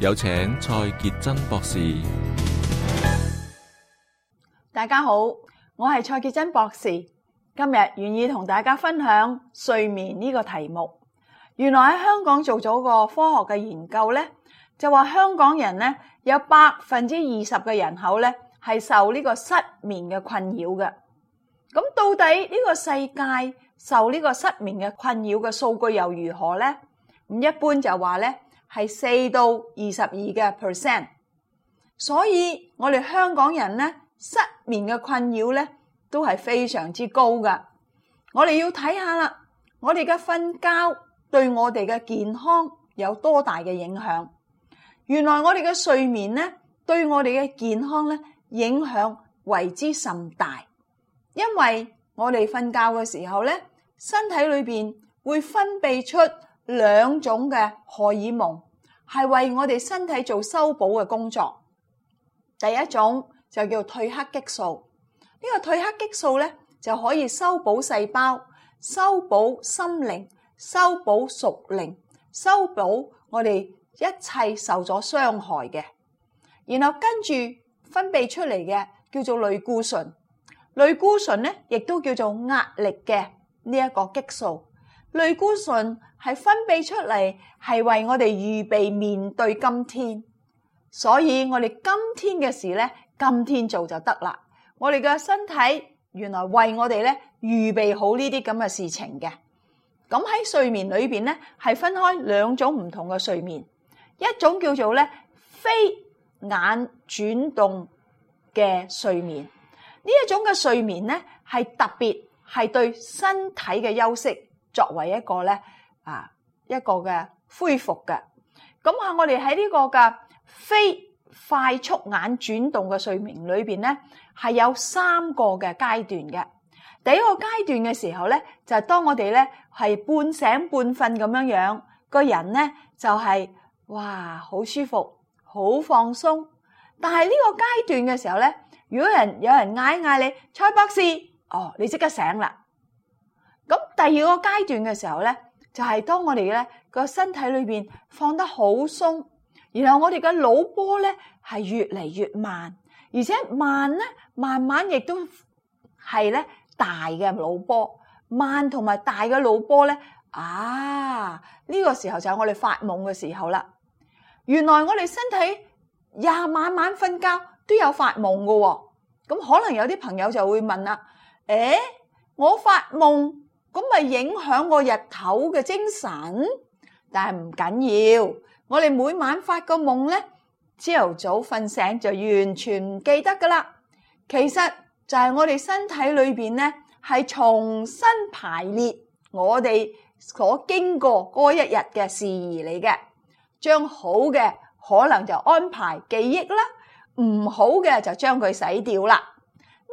有請蔡潔珍博士。大家好，我係蔡潔珍博士。今日願意同大家分享睡眠呢個題目。原來喺香港做咗個科學嘅研究呢，就話香港人呢，有百分之二十嘅人口呢，係受呢個失眠嘅困擾嘅。咁到底呢個世界受呢個失眠嘅困擾嘅數據又如何呢？咁一般就話呢。係四到二十二嘅 percent，所以我哋香港人咧失眠嘅困擾咧都係非常之高噶。我哋要睇下啦，我哋嘅瞓覺對我哋嘅健康有多大嘅影響？原來我哋嘅睡眠咧對我哋嘅健康咧影響為之甚大，因為我哋瞓覺嘅時候咧身體裏邊會分泌出。兩種嘅荷爾蒙係為我哋身體做修補嘅工作。第一種就叫褪黑激素，呢個褪黑激素呢就可以修補細胞、修補心靈、修補熟靈、修補我哋一切受咗傷害嘅。然後跟住分泌出嚟嘅叫做類固醇，類固醇呢亦都叫做壓力嘅呢一個激素。類固醇係分泌出嚟，係為我哋預備面對今天，所以我哋今天嘅事呢，今天做就得啦。我哋嘅身體原來為我哋呢預備好呢啲咁嘅事情嘅。咁喺睡眠裏邊呢，係分開兩種唔同嘅睡眠，一種叫做呢非眼轉動嘅睡眠，呢一種嘅睡眠呢，係特別係對身體嘅休息。作為一個咧，啊一個嘅恢復嘅，咁啊，我哋喺呢個嘅非快速眼轉動嘅睡眠裏邊咧，係有三個嘅階段嘅。第一個階段嘅時候咧，就係當我哋咧係半醒半瞓咁樣樣，個人咧就係哇，好舒服，好放鬆。但係呢個階段嘅時候咧，如果人有人嗌嗌你，蔡博士，哦，你即刻醒啦。咁第二個階段嘅時候咧，就係當我哋咧個身體裏邊放得好鬆，然後我哋嘅腦波咧係越嚟越慢，而且慢咧慢慢亦都係咧大嘅腦波，慢同埋大嘅腦波咧啊！呢個時候就係我哋發夢嘅時候啦。原來我哋身體廿晚晚瞓覺都有發夢嘅喎。咁可能有啲朋友就會問啦：誒，我發夢？咁咪影響我日頭嘅精神，但係唔緊要。我哋每晚發個夢咧，朝頭早瞓醒就完全唔記得㗎喇。其實就係我哋身體裏面咧，係重新排列我哋所經過嗰一日嘅事宜嚟嘅。將好嘅可能就安排記憶啦，唔好嘅就將佢洗掉啦。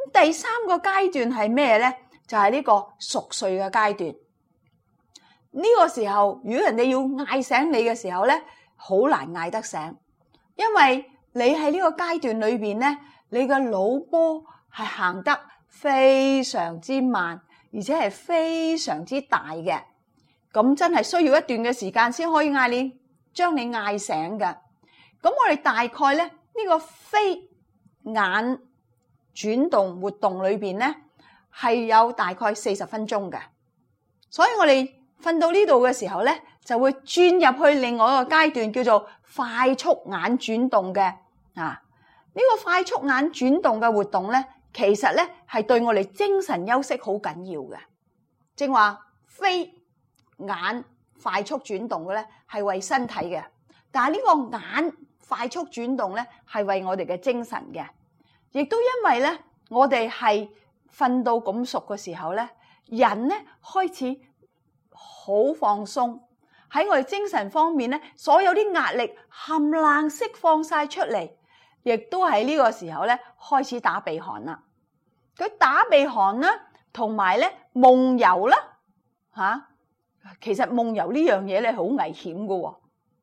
咁第三個階段係咩咧？就係、是、呢個熟睡嘅階段，呢個時候，如果人哋要嗌醒你嘅時候咧，好難嗌得醒，因為你喺呢個階段裏邊咧，你嘅腦波係行得非常之慢，而且係非常之大嘅，咁真係需要一段嘅時間先可以嗌你將你嗌醒嘅。咁我哋大概咧，呢個非眼轉動活動裏邊咧。係有大概四十分鐘嘅，所以我哋瞓到呢度嘅時候咧，就會轉入去另外一個階段，叫做快速眼轉動嘅啊。呢個快速眼轉動嘅活動咧，其實咧係對我哋精神休息好緊要嘅。正話，非眼快速轉動嘅咧係為身體嘅，但係呢個眼快速轉動咧係為我哋嘅精神嘅，亦都因為咧我哋係。瞓到咁熟嘅時候咧，人咧開始好放鬆，喺我哋精神方面咧，所有啲壓力冚冷釋放晒出嚟，亦都喺呢個時候咧開始打鼻鼾啦。佢打鼻鼾啦，同埋咧夢遊啦，吓、啊，其實夢遊呢樣嘢咧好危險喎、哦。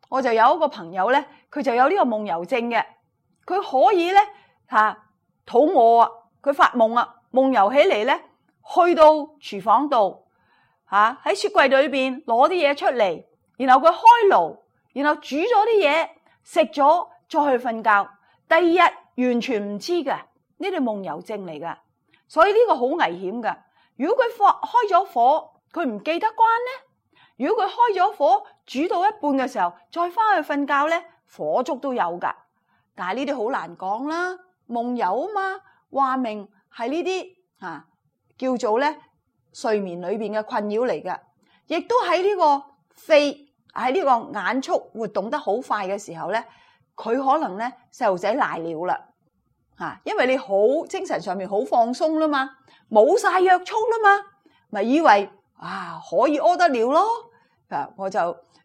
我就有一個朋友咧，佢就有呢個夢遊症嘅，佢可以咧吓、啊、肚餓啊，佢發夢啊。夢遊起嚟咧，去到廚房度，吓、啊、喺雪櫃裏邊攞啲嘢出嚟，然後佢開爐，然後煮咗啲嘢，食咗再去瞓覺，第二日完全唔知㗎，呢啲夢遊症嚟噶，所以呢個好危險噶。如果佢開咗火，佢唔記得關呢；如果佢開咗火，煮到一半嘅時候再翻去瞓覺咧，火燭都有噶。但係呢啲好難講啦，夢遊嘛，話明。係呢啲啊，叫做咧，睡眠裏邊嘅困擾嚟嘅，亦都喺呢個肺喺呢個眼速活動得好快嘅時候咧，佢可能咧細路仔賴尿啦啊！因為你好精神上面好放鬆啦嘛，冇晒約束啦嘛，咪以為啊可以屙得了咯。嗱，我就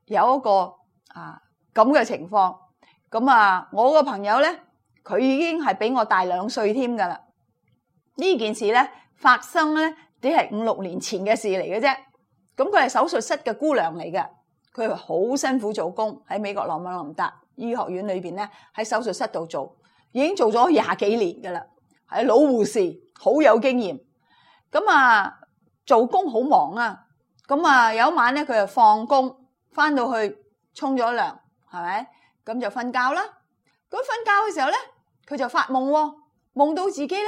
有一個啊咁嘅情況，咁啊我個朋友咧，佢已經係比我大兩歲添噶啦。呢件事咧發生咧，只係五六年前嘅事嚟嘅啫。咁佢係手術室嘅姑娘嚟嘅，佢好辛苦做工喺美國羅馬林達醫學院裏面咧，喺手術室度做已經做咗廿幾年㗎啦，係老護士，好有經驗。咁啊，做工好忙啊。咁啊，有一晚咧，佢就放工，翻到去沖咗涼，係咪？咁就瞓覺啦。咁瞓覺嘅時候咧，佢就發夢，夢到自己咧。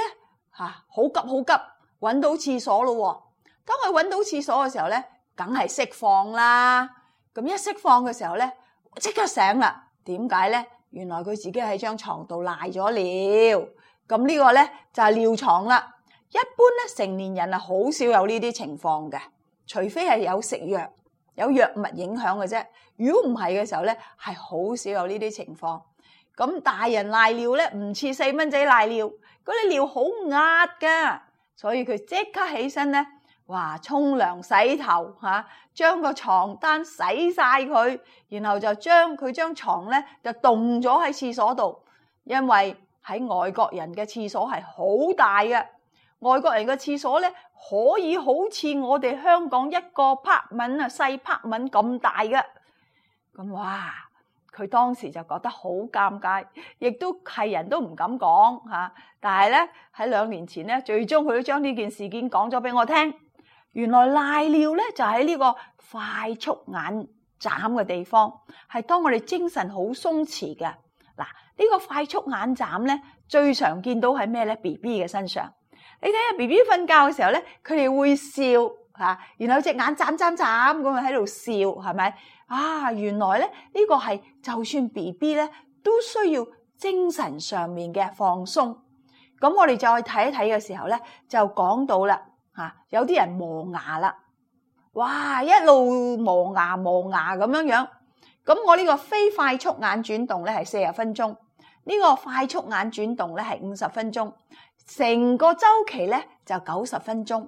嚇！好急好急，揾到廁所咯喎！當佢揾到廁所嘅時候呢，梗係釋放啦。咁一釋放嘅時候呢，即刻醒啦。點解呢？原來佢自己喺張床度賴咗尿。咁呢個呢，就係尿床啦。一般咧成年人啊，好少有呢啲情況嘅，除非係有食藥、有藥物影響嘅啫。如果唔係嘅時候呢，係好少有呢啲情況。咁大人賴尿咧，唔似細蚊仔賴尿，嗰啲尿好壓噶，所以佢即刻起身咧，哇，沖涼洗頭吓，將個床單洗晒佢，然後就將佢張床咧就凍咗喺廁所度，因為喺外國人嘅廁所係好大嘅，外國人嘅廁所咧可以好似我哋香港一個鋪文啊細鋪文咁大噶，咁哇！佢當時就覺得好尷尬，亦都係人都唔敢講吓。但係咧喺兩年前咧，最終佢都將呢件事件講咗俾我聽。原來瀨尿咧就喺呢個快速眼眨嘅地方，係當我哋精神好鬆弛嘅嗱。呢個快速眼眨咧最常見到係咩咧？B B 嘅身上，你睇下 B B 瞓覺嘅時候咧，佢哋會笑。吓，然後隻眼眨眨眨咁樣喺度笑，係咪？啊，原來咧呢個係就算 BB 咧，都需要精神上面嘅放鬆。咁我哋再睇一睇嘅時候咧，就講到啦，吓有啲人磨牙啦，哇，一路磨牙磨牙咁樣樣。咁我呢個非快速眼轉動咧係四十分鐘，呢個快速眼轉動咧係五十分鐘，成個周期咧就九十分鐘。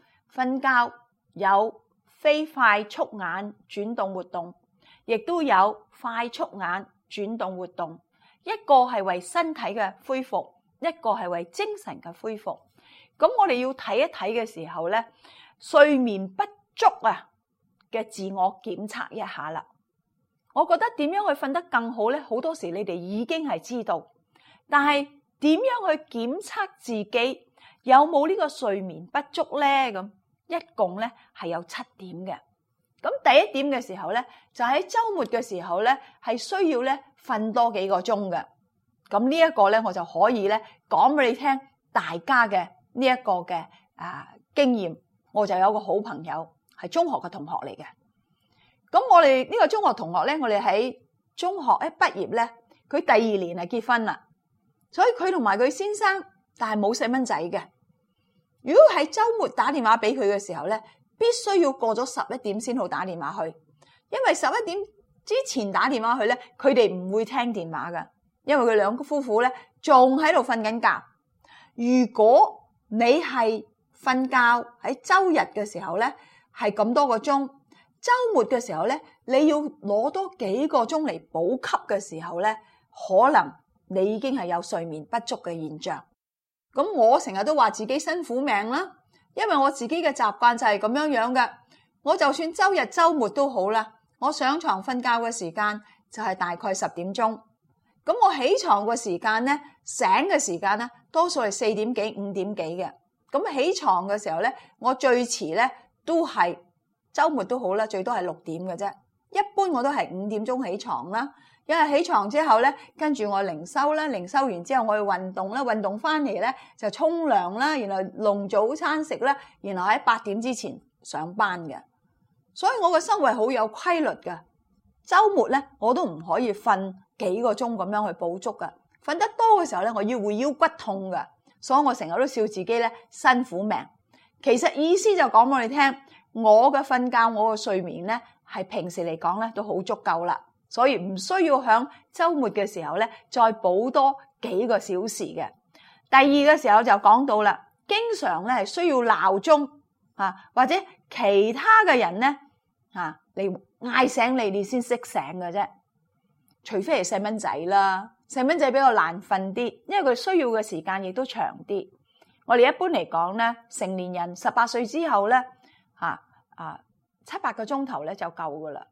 瞓覺有非快速眼轉動活動，亦都有快速眼轉動活動。一個係為身體嘅恢復，一個係為精神嘅恢復。咁我哋要睇一睇嘅時候咧，睡眠不足啊嘅自我檢測一下啦。我覺得點樣去瞓得更好咧？好多時你哋已經係知道，但係點樣去檢測自己有冇呢個睡眠不足咧？咁一共咧係有七點嘅，咁第一點嘅時候咧，就喺周末嘅時候咧，係需要咧瞓多幾個鐘嘅。咁呢一個咧，我就可以咧講俾你聽大家嘅呢一個嘅啊經驗。我就有個好朋友係中學嘅同學嚟嘅。咁我哋呢個中學同學咧，我哋喺中學一畢業咧，佢第二年係結婚啦，所以佢同埋佢先生，但係冇細蚊仔嘅。如果喺周末打電話俾佢嘅時候咧，必須要過咗十一點先好打電話去，因為十一點之前打電話去咧，佢哋唔會聽電話噶，因為佢兩個夫婦咧仲喺度瞓緊覺。如果你係瞓覺喺周日嘅時候咧，係咁多個鐘，周末嘅時候咧，你要攞多幾個鐘嚟補給嘅時候咧，可能你已經係有睡眠不足嘅現象。咁我成日都話自己辛苦命啦，因為我自己嘅習慣就係咁樣樣嘅。我就算周日周末都好啦，我上床瞓覺嘅時間就係大概十點鐘。咁我起床嘅時間咧，醒嘅時間咧，多數係四點幾、五點幾嘅。咁起床嘅時候咧，我最遲咧都係周末都好啦，最多係六點嘅啫。一般我都係五點鐘起床啦。因為起床之後咧，跟住我靈修啦，靈修完之後我去運動啦，運動翻嚟咧就沖涼啦，然後弄早餐食啦，然後喺八點之前上班嘅，所以我嘅生活好有規律㗎。周末咧我都唔可以瞓幾個鐘咁樣去補足㗎。瞓得多嘅時候咧，我要會腰骨痛㗎。所以我成日都笑自己咧辛苦命。其實意思就講俾你聽，我嘅瞓覺，我嘅睡眠咧係平時嚟講咧都好足夠啦。所以唔需要喺周末嘅時候咧，再補多幾個小時嘅。第二個時候就講到啦，經常咧係需要鬧鐘或者其他嘅人咧啊嚟嗌醒你哋先識醒嘅啫。除非係細蚊仔啦，細蚊仔比較難瞓啲，因為佢需要嘅時間亦都長啲。我哋一般嚟講咧，成年人十八歲之後咧，啊啊七八個鐘頭咧就夠噶啦。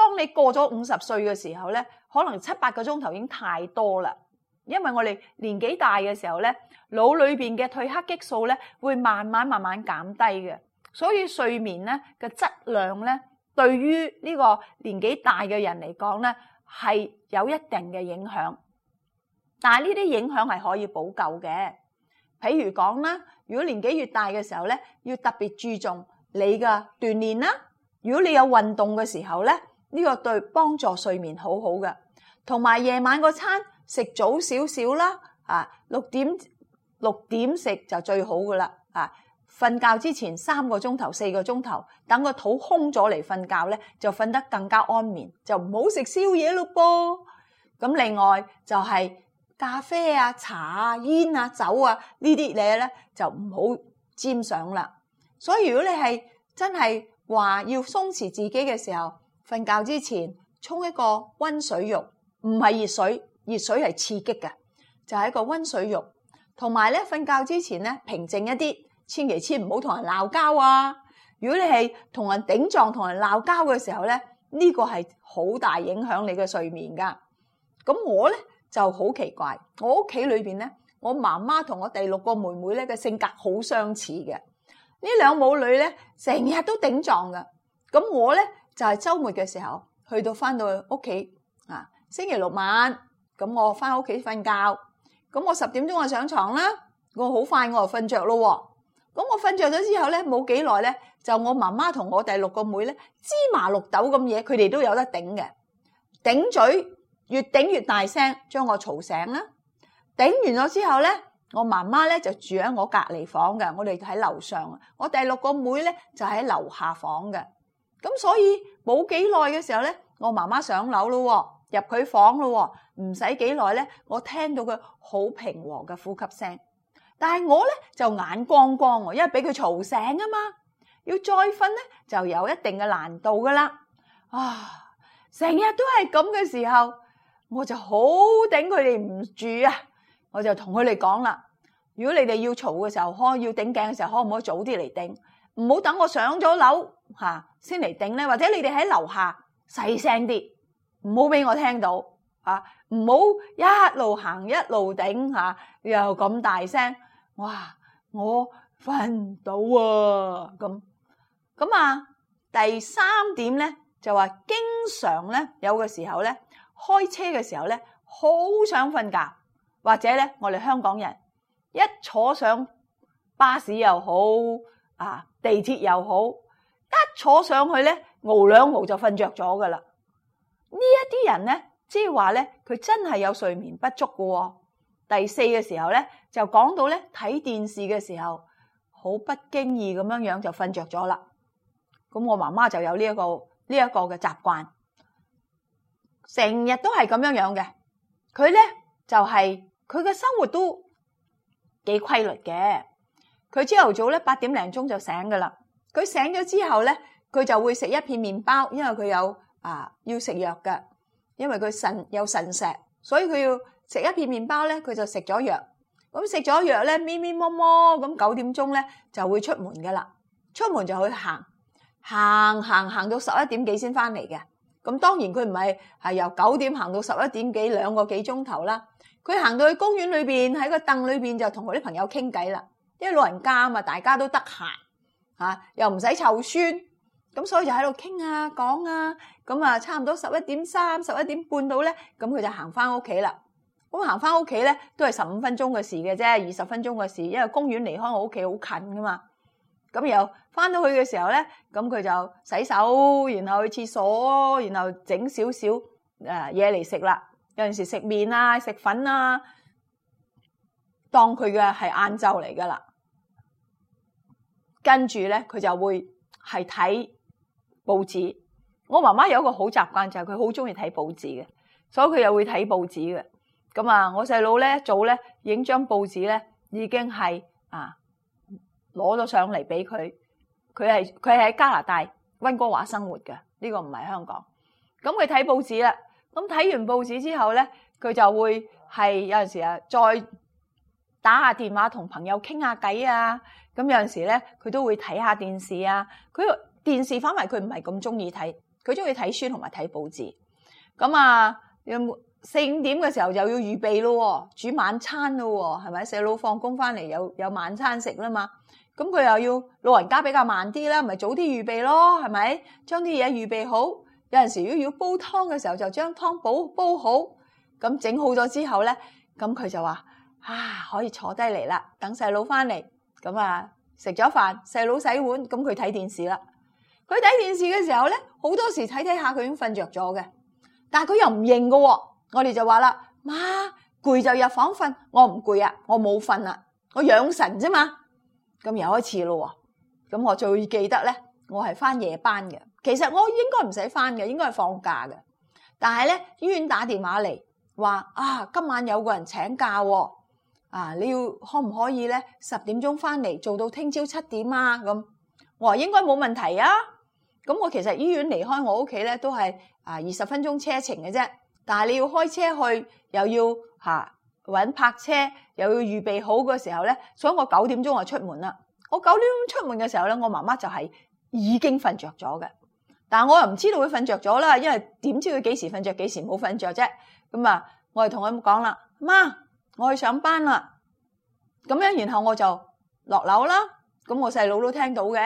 當你過咗五十歲嘅時候咧，可能七八個鐘頭已經太多啦。因為我哋年紀大嘅時候咧，腦裏面嘅褪黑激素咧會慢慢慢慢減低嘅，所以睡眠咧嘅質量咧，對於呢個年紀大嘅人嚟講咧係有一定嘅影響。但係呢啲影響係可以補救嘅，譬如講啦，如果年紀越大嘅時候咧，要特別注重你嘅鍛煉啦。如果你有運動嘅時候咧，呢個對幫助睡眠好好嘅，同埋夜晚個餐食早少少啦，啊六點六點食就最好噶啦。啊，瞓覺之前三個鐘頭四個鐘頭，等個肚空咗嚟瞓覺咧，就瞓得更加安眠。就唔好食宵夜咯噃。咁另外就係咖啡啊、茶啊、煙啊、酒啊呢啲嘢咧，就唔好沾上啦。所以如果你係真係話要鬆弛自己嘅時候。瞓覺之前沖一個温水浴，唔係熱水，熱水係刺激嘅，就係一個温水浴。同埋咧，瞓覺之前咧，平靜一啲，千祈千唔好同人鬧交啊！如果你係同人頂撞、同人鬧交嘅時候咧，呢個係好大影響你嘅睡眠噶。咁我咧就好奇怪，我屋企裏邊咧，我媽媽同我第六個妹妹咧嘅性格好相似嘅，呢兩母女咧成日都頂撞嘅。咁我咧。就係週末嘅時候，去到翻到屋企啊！星期六晚，咁我翻屋企瞓覺，咁我十點鐘我上牀啦。我好快我就瞓著咯。咁我瞓著咗之後咧，冇幾耐咧，就我媽媽同我第六個妹咧芝麻綠豆咁嘢，佢哋都有得頂嘅。頂嘴越頂越大聲，將我吵醒啦。頂完咗之後咧，我媽媽咧就住喺我隔離房嘅，我哋喺樓上。我第六個妹咧就喺樓下房嘅。咁所以冇幾耐嘅時候咧，我媽媽上樓咯，入佢房咯，唔使幾耐咧，我聽到佢好平和嘅呼吸聲。但係我咧就眼光光，因為俾佢嘈醒啊嘛，要再瞓咧就有一定嘅難度噶啦。啊，成日都係咁嘅時候，我就好頂佢哋唔住啊！我就同佢哋講啦，如果你哋要嘈嘅時候，可要頂頸嘅時候，可唔可以早啲嚟頂？唔好等我上咗樓。吓，先嚟頂咧，或者你哋喺樓下細聲啲，唔好俾我聽到啊！唔好一路行一路頂嚇，又咁大聲，哇！我瞓唔到啊！咁咁啊，第三點咧就話經常咧有嘅時候咧，開車嘅時候咧，好想瞓覺，或者咧我哋香港人一坐上巴士又好啊，地鐵又好。一坐上去咧，熬兩熬就瞓着咗噶啦。呢一啲人咧，即係話咧，佢真係有睡眠不足喎。第四嘅時候咧，就講到咧睇電視嘅時候，好不經意咁樣樣就瞓着咗啦。咁我媽媽就有呢一個呢一個嘅習慣，成日都係咁樣樣嘅。佢咧就係佢嘅生活都幾規律嘅。佢朝頭早咧八點零鐘就醒噶啦。佢醒咗之後咧，佢就會食一片麵包，因為佢有啊要食藥嘅，因為佢腎有腎石，所以佢要食一片麵包咧，佢就食咗藥。咁食咗藥咧，咪咪摸摸咁九點鐘咧就會出門噶啦。出門就去行行行行到十一點幾先翻嚟嘅。咁當然佢唔係係由九點行到十一點幾兩個幾鐘頭啦。佢行到去公園裏邊喺個凳裏邊就同佢啲朋友傾偈啦。因為老人家啊嘛，大家都得閒。嚇，又唔使湊孫，咁所以就喺度傾啊講啊，咁啊差唔多十一點三十一點半到咧，咁佢就行翻屋企啦。咁行翻屋企咧，都係十五分鐘嘅事嘅啫，二十分鐘嘅事，因為公園離開我屋企好近噶嘛。咁又翻到去嘅時候咧，咁佢就洗手，然後去廁所，然後整少少誒嘢嚟食啦。有陣時食麵啊，食粉啊，當佢嘅係晏晝嚟噶啦。跟住咧，佢就會係睇報紙。我媽媽有一個好習慣，就係佢好中意睇報紙嘅，所以佢又會睇報紙嘅。咁啊，我細佬咧早咧影張報紙咧，已經係啊攞咗上嚟俾佢。佢係佢喺加拿大溫哥華生活嘅，呢個唔係香港。咁佢睇報紙啦，咁睇完報紙之後咧，佢就會係有陣時啊，再打下電話同朋友傾下偈啊。咁有陣時咧，佢都會睇下電視啊！佢電視反為佢唔係咁中意睇，佢中意睇書同埋睇報紙。咁啊，有四五點嘅時候又要預備咯，煮晚餐咯，係咪細佬放工翻嚟有有晚餐食啦嘛？咁佢又要老人家比較慢啲啦，咪早啲預備咯，係咪？將啲嘢預備好。有陣時如果要煲湯嘅時候就將湯，就將湯煲煲好。咁整好咗之後咧，咁佢就話：啊，可以坐低嚟啦，等細佬翻嚟。咁啊，食咗飯，細佬洗碗，咁佢睇電視啦。佢睇電視嘅時候咧，好多時睇睇下佢已經瞓着咗嘅。但係佢又唔認㗎喎，我哋就話啦：媽，攰就入房瞓，我唔攰啊，我冇瞓啦，我養神啫嘛。咁又開始咯喎，咁我最記得咧，我係翻夜班嘅。其實我應該唔使翻嘅，應該係放假嘅。但係咧，醫院打電話嚟話：啊，今晚有個人請假喎。啊！你要可唔可以咧？十點鐘翻嚟做到聽朝七點啊？咁我話應該冇問題啊！咁我其實醫院離開我屋企咧都係啊二十分鐘車程嘅啫。但係你要開車去，又要嚇揾、啊、泊車，又要預備好嗰個時候咧，所以我九點鐘就出門啦。我九點鐘出門嘅時候咧，我媽媽就係已經瞓着咗嘅。但係我又唔知道佢瞓着咗啦，因為點知佢幾時瞓着，幾時冇瞓着啫？咁啊，我就同佢講啦，媽。我去上班啦，咁樣然後我就落樓啦，咁我細佬都聽到嘅。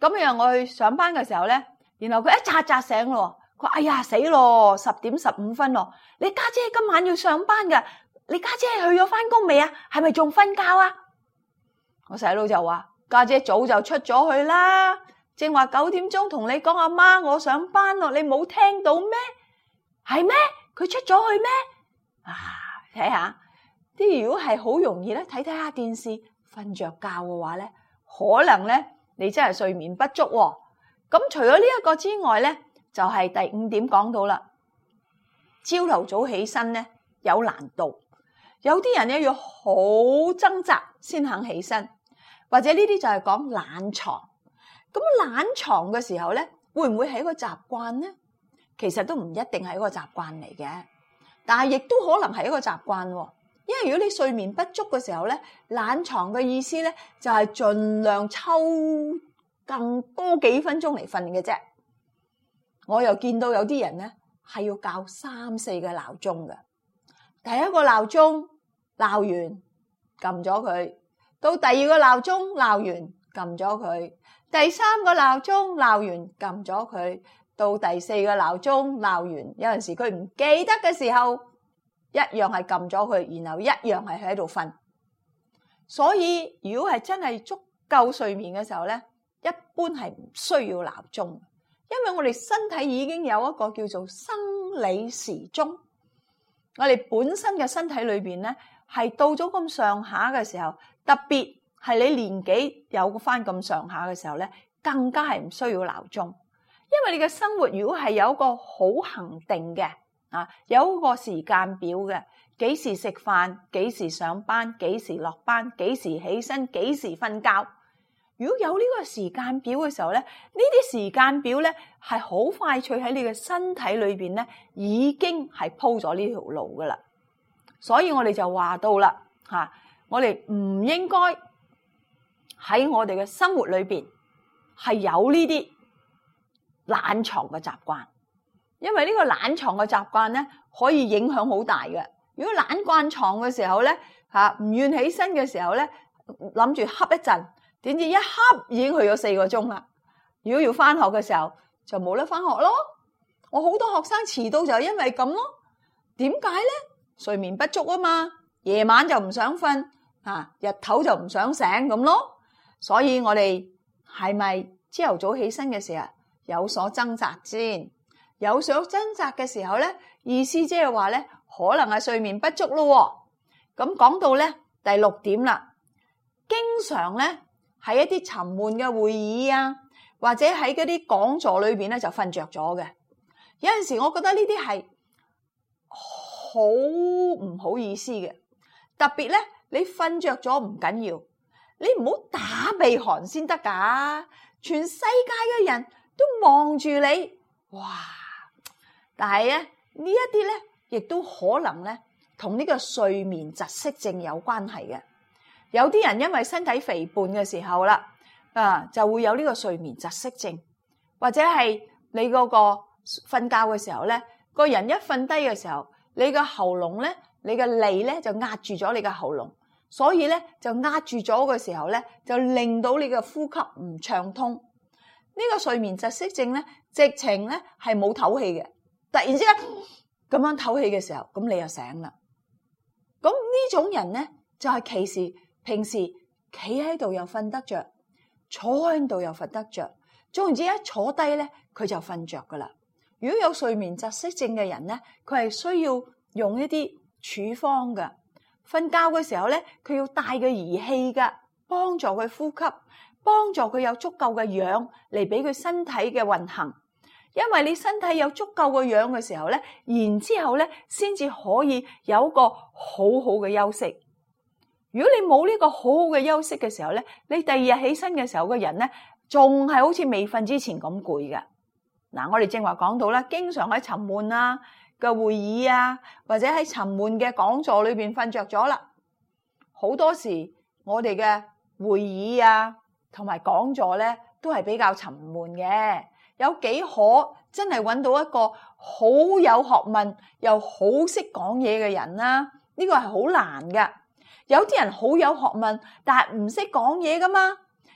咁樣我去上班嘅時候咧，然後佢一扎扎醒咯，佢話，哎呀死咯，十點十五分咯，你家姐今晚要上班噶，你家姐去咗翻工未啊？係咪仲瞓覺啊？我細佬就話：家姐早就出咗去啦，正話九點鐘同你講阿媽我上班咯，你冇聽到咩？係咩？佢出咗去咩？啊，睇下。啲如果係好容易咧，睇睇下電視瞓著覺嘅話咧，可能咧你真係睡眠不足。咁除咗呢一個之外咧，就係第五點講到啦。朝頭早起身咧有難度，有啲人咧要好掙扎先肯起身，或者呢啲就係講懶牀。咁懶牀嘅時候咧，會唔會係一個習慣咧？其實都唔一定係一個習慣嚟嘅，但係亦都可能係一個習慣喎。因為如果你睡眠不足嘅時候咧，懶牀嘅意思咧就係盡量抽更多幾分鐘嚟瞓嘅啫。我又見到有啲人咧係要教三四個鬧鐘嘅。第一個鬧鐘鬧完撳咗佢，到第二個鬧鐘鬧完撳咗佢，第三個鬧鐘鬧完撳咗佢，到第四個鬧鐘鬧完，有陣時佢唔記得嘅時候。一樣係撳咗佢，然後一樣係喺度瞓。所以如果係真係足夠睡眠嘅時候咧，一般係唔需要鬧鐘，因為我哋身體已經有一個叫做生理時鐘。我哋本身嘅身體裏邊咧，係到咗咁上下嘅時候，特別係你年紀有翻咁上下嘅時候咧，更加係唔需要鬧鐘，因為你嘅生活如果係有一個好恆定嘅。啊，有個時間表嘅，幾時食飯，幾時上班，幾時落班，幾時起身，幾時瞓覺。如果有呢個時間表嘅時候咧，呢啲時間表咧係好快脆喺你嘅身體裏邊咧，已經係鋪咗呢條路噶啦。所以我哋就話到啦，嚇，我哋唔應該喺我哋嘅生活裏邊係有呢啲懶牀嘅習慣。因為呢個懶牀嘅習慣咧，可以影響好大嘅。如果懶慣牀嘅時候咧，吓，唔願起身嘅時候咧，諗住瞌一陣，點知一瞌已經去咗四個鐘啦。如果要翻學嘅時候，就冇得翻學咯。我好多學生遲到就係因為咁咯。點解咧？睡眠不足啊嘛，夜晚就唔想瞓，日頭就唔想醒咁咯。所以我哋係咪朝頭早起身嘅時候有所掙扎先？有想掙扎嘅時候咧，意思即係話咧，可能係睡眠不足咯。咁講到咧第六點啦，經常咧喺一啲沉悶嘅會議啊，或者喺嗰啲講座裏邊咧就瞓着咗嘅。有陣時我覺得呢啲係好唔好意思嘅，特別咧，你瞓着咗唔緊要，你唔好打鼻鼾先得㗎。全世界嘅人都望住你，哇！但係咧，呢一啲咧，亦都可能咧，同呢個睡眠窒息症有關係嘅。有啲人因為身體肥胖嘅時候啦，啊就會有呢個睡眠窒息症，或者係你嗰個瞓覺嘅時候咧，個人一瞓低嘅時候，你個喉嚨咧，你嘅脷咧就壓住咗你嘅喉嚨，所以咧就壓住咗嘅時候咧，就令到你嘅呼吸唔暢通。呢個睡眠窒息症咧，直情咧係冇唞氣嘅。突然之間咁樣透氣嘅時候，咁你又醒啦。咁呢種人咧就係歧視，平時企喺度又瞓得着，坐喺度又瞓得着，總然之一坐低咧佢就瞓着噶啦。如果有睡眠窒息症嘅人咧，佢係需要用一啲處方噶，瞓覺嘅時候咧佢要帶個儀器噶，幫助佢呼吸，幫助佢有足夠嘅氧嚟俾佢身體嘅運行。因為你身體有足夠個氧嘅時候咧，然之後咧，先至可以有一個好好嘅休息。如果你冇呢個好好嘅休息嘅時候咧，你第二日起身嘅時候嘅人咧，仲係好似未瞓之前咁攰㗎。嗱，我哋正話講到啦，經常喺沉悶啊，嘅會議啊，或者喺沉悶嘅講座裏邊瞓着咗啦。好多時我哋嘅會議啊，同埋講座咧，都係比較沉悶嘅。有幾可真係揾到一個好有學問又好識講嘢嘅人啦、啊？呢個係好難㗎。有啲人好有學問，但係唔識講嘢噶嘛？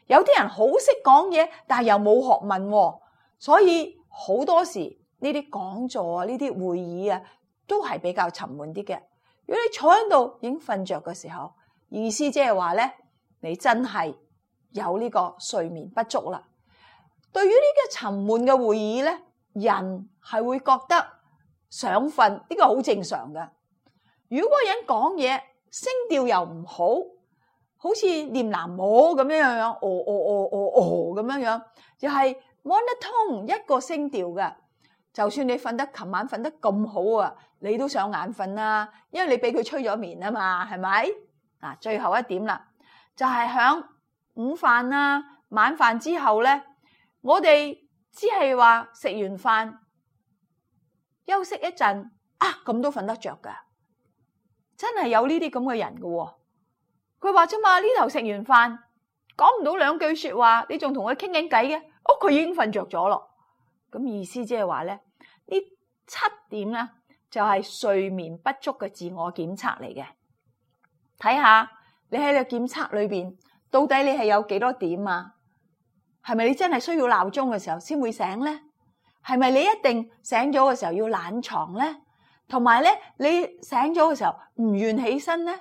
有啲人好識講嘢，但係又冇學問、啊。所以好多時呢啲講座啊、呢啲會議啊，都係比較沉悶啲嘅。如果你坐喺度已經瞓着嘅時候，意思即係話呢，你真係有呢個睡眠不足啦。對於呢個沉悶嘅會議咧，人係會覺得想瞓，呢個好正常嘅。如果人講嘢聲調又唔好，好似念南無咁樣樣，哦哦哦哦哦咁、哦、樣樣，就係、是、monotone 一個聲調嘅，就算你瞓得琴晚瞓得咁好啊，你都想眼瞓啦，因為你俾佢吹咗眠啊嘛，係咪？嗱，最後一點啦，就係、是、響午飯啊、晚飯之後咧。我哋只係話食完飯休息一陣啊，咁都瞓得着噶，真係有呢啲咁嘅人嘅、哦。佢話啫嘛，呢頭食完飯講唔到兩句說話，你仲同佢傾緊偈嘅，哦，佢已經瞓着咗咯。咁意思即係話咧，呢七點咧就係、是、睡眠不足嘅自我檢測嚟嘅。睇下你喺個檢測裏邊到底你係有幾多點啊？係咪你真係需要鬧鐘嘅時候先會醒呢？係咪你一定醒咗嘅時候要懶床呢？同埋咧，你醒咗嘅時候唔願起身呢？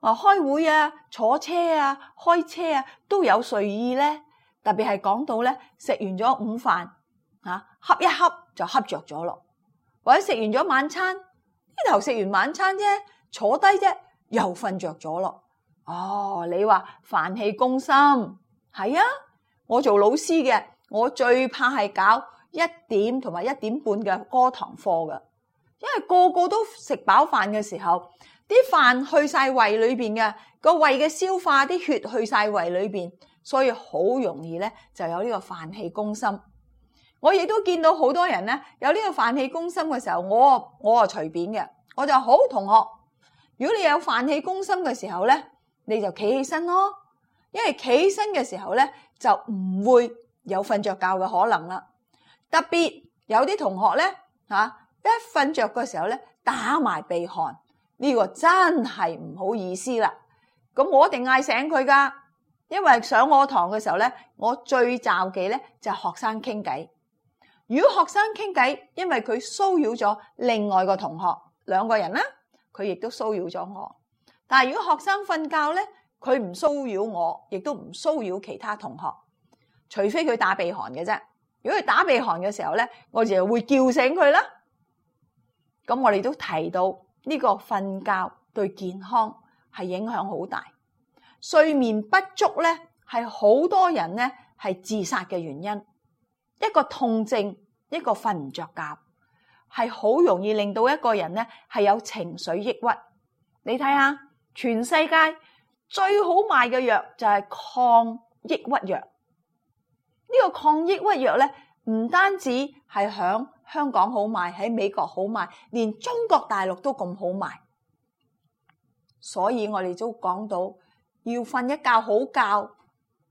啊，開會啊，坐車啊，開車啊，都有睡意呢。特別係講到咧，食完咗午飯啊，恰一恰就恰着咗咯。或者食完咗晚餐，呢頭食完晚餐啫，坐低啫，又瞓着咗咯。哦，你話飯氣攻心，係呀。我做老師嘅，我最怕係搞一點同埋一點半嘅歌堂課㗎，因為個個都食飽飯嘅時候，啲飯去晒胃裏面，嘅個胃嘅消化啲血去晒胃裏面，所以好容易咧就有呢個飯氣攻心。我亦都見到好多人咧有呢個飯氣攻心嘅時候，我我啊隨便嘅，我就好同學，如果你有飯氣攻心嘅時候咧，你就企起身咯，因為企起身嘅時候咧。就唔會有瞓着覺嘅可能啦。特別有啲同學咧、啊、一瞓着嘅時候咧打埋鼻鼾，呢個真係唔好意思啦。咁我一定嗌醒佢噶，因為上我堂嘅時候咧，我最罩忌咧就係學生傾偈。如果學生傾偈，因為佢騷擾咗另外個同學兩個人啦，佢亦都騷擾咗我。但如果學生瞓覺咧，佢唔騷擾我，亦都唔騷擾其他同學，除非佢打鼻鼾嘅啫。如果佢打鼻鼾嘅時候咧，我就會叫醒佢啦。咁我哋都提到，呢個瞓覺對健康係影響好大。睡眠不足咧係好多人咧係自殺嘅原因，一個痛症，一個瞓唔着覺，係好容易令到一個人咧係有情緒抑鬱。你睇下全世界。最好賣嘅藥就係抗抑鬱藥，呢個抗抑鬱藥咧，唔單止係響香港好賣，喺美國好賣，連中國大陸都咁好賣。所以我哋都講到，要瞓一覺好覺，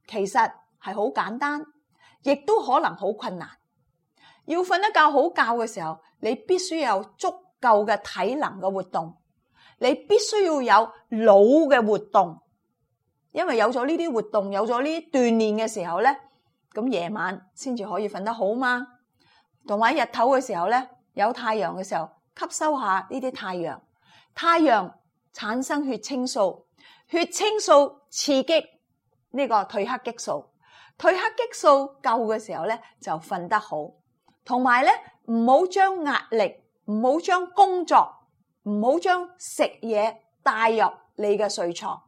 其實係好簡單，亦都可能好困難。要瞓一覺好覺嘅時候，你必須有足夠嘅體能嘅活動，你必須要有腦嘅活動。因為有咗呢啲活動，有咗呢啲鍛煉嘅時候呢，咁夜晚先至可以瞓得好嘛。同埋喺日頭嘅時候呢，有太陽嘅時候，吸收下呢啲太陽，太陽產生血清素，血清素刺激呢個褪黑激素，褪黑激素夠嘅時候呢，就瞓得好。同埋呢，唔好將壓力，唔好將工作，唔好將食嘢帶入你嘅睡床。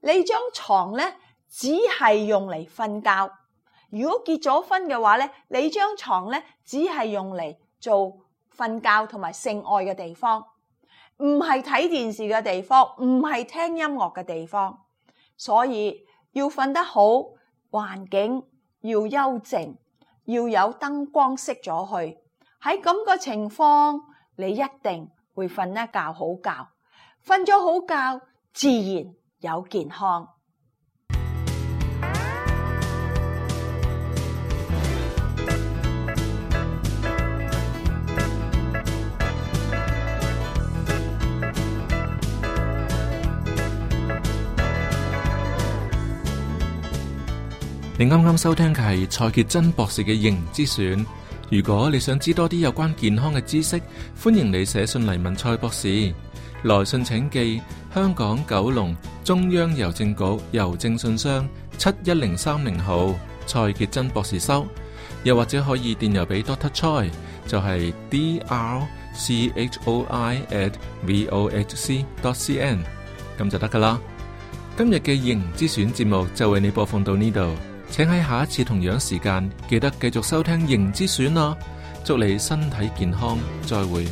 你張床咧，只係用嚟瞓覺。如果結咗婚嘅話咧，你張床咧只係用嚟做瞓覺同埋性愛嘅地方，唔係睇電視嘅地方，唔係聽音樂嘅地方。所以要瞓得好，環境要幽靜，要有燈光熄咗去。喺咁個情況，你一定會瞓一覺好覺。瞓咗好覺，自然。有健康。你啱啱收聽嘅係蔡潔真博士嘅《營之選》。如果你想知多啲有關健康嘅知識，歡迎你寫信嚟問蔡博士。來信請寄香港九龍。中央郵政局郵政信箱七一零三零號蔡潔真博士收，又或者可以電郵俾 Dr. Choi，就係 D R C H O I at v o h c. c n，咁就得噶啦。今日嘅形之選節目就為你播放到呢度，請喺下一次同樣時間記得繼續收聽形之選啦。祝你身體健康，再會。